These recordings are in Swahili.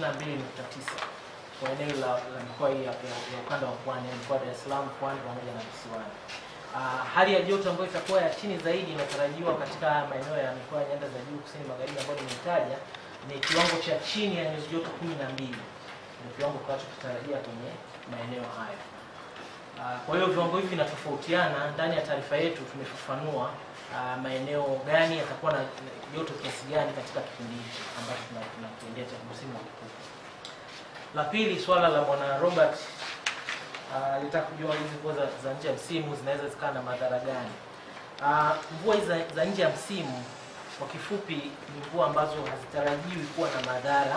22.9 kwa eneo la, mkoa hii ya, ukanda wa pwani, mikoa Dar es Salaam, pwani pamoja na visiwani. Uh, hali ya joto ambayo itakuwa ya chini zaidi inatarajiwa katika maeneo ya mikoa ya nyanda za juu kusini magharibi ambayo nimetaja ni kiwango cha chini ya nyuzi joto 12 ni kiwango kinachotarajia kwenye maeneo hayo. Uh, kwa hiyo viwango hivi vinatofautiana. Ndani ya taarifa yetu tumefafanua uh, maeneo gani yatakuwa na joto kiasi gani katika kipindi hichi ambacho tunakiendea cha msimu wa kipupu. La pili, swala la bwana Robert uh, ah, kujua hizi mvua za nje ya msimu zinaweza zikawa na madhara gani? Uh, mvua hizi za nje ya msimu kwa kifupi ni mvua ambazo hazitarajiwi kuwa na madhara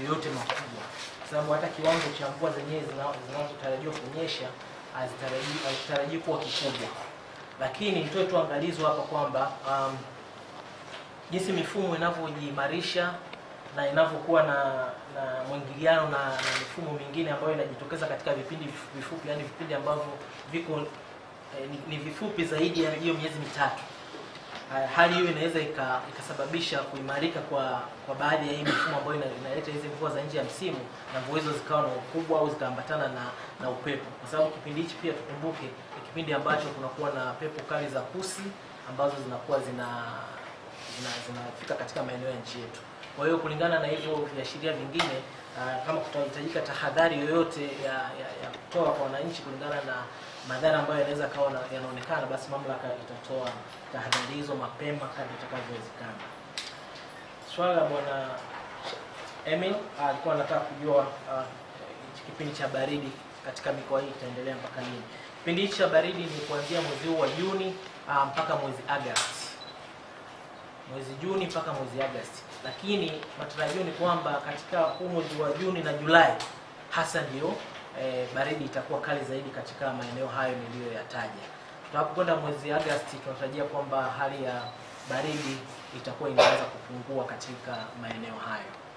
yoyote makubwa, kwa sababu hata kiwango cha mvua zenyewe zinazotarajiwa kunyesha hazitarajiwi kuwa kikubwa. Lakini nitoe tu angalizo hapa kwamba um, jinsi mifumo inavyojiimarisha na inavyokuwa na, na mwingiliano na, na mifumo mingine ambayo inajitokeza katika vipindi vifupi, yani vipindi ambavyo viko eh, ni, ni vifupi zaidi ya hiyo miezi mitatu. Uh, hali hiyo inaweza ikasababisha kuimarika kwa kwa baadhi ya hii mifumo ambayo inaleta hizi mvua za nje ya msimu na mvua hizo zikawa na ukubwa au zikaambatana na, na upepo, kwa sababu kipindi hichi pia tukumbuke kipindi ambacho kunakuwa na pepo kali za pusi ambazo zinakuwa zina zinafika zina katika maeneo ya nchi yetu. Kwa hiyo kulingana na hivyo viashiria vingine uh, kama kutahitajika tahadhari yoyote ya, ya, ya kutoa kwa wananchi kulingana na madhara ambayo yanaweza kawa yanaonekana, basi mamlaka itatoa tahadhari hizo mapema kadri itakavyowezekana. Swala la bwana Emil ah, alikuwa anataka kujua uh, kipindi cha baridi katika mikoa hii itaendelea mpaka lini? Kipindi hichi cha baridi ni kuanzia mwezi huu wa Juni ah, mpaka mwezi Agosti, mwezi Juni mpaka mwezi Agosti, lakini matarajio ni kwamba katika huu mwezi wa Juni na Julai hasa ndio e, baridi itakuwa kali zaidi katika maeneo hayo niliyoyataja. Tutakapokwenda mwezi Agosti, tunatarajia kwamba hali ya baridi itakuwa inaanza kupungua katika maeneo hayo.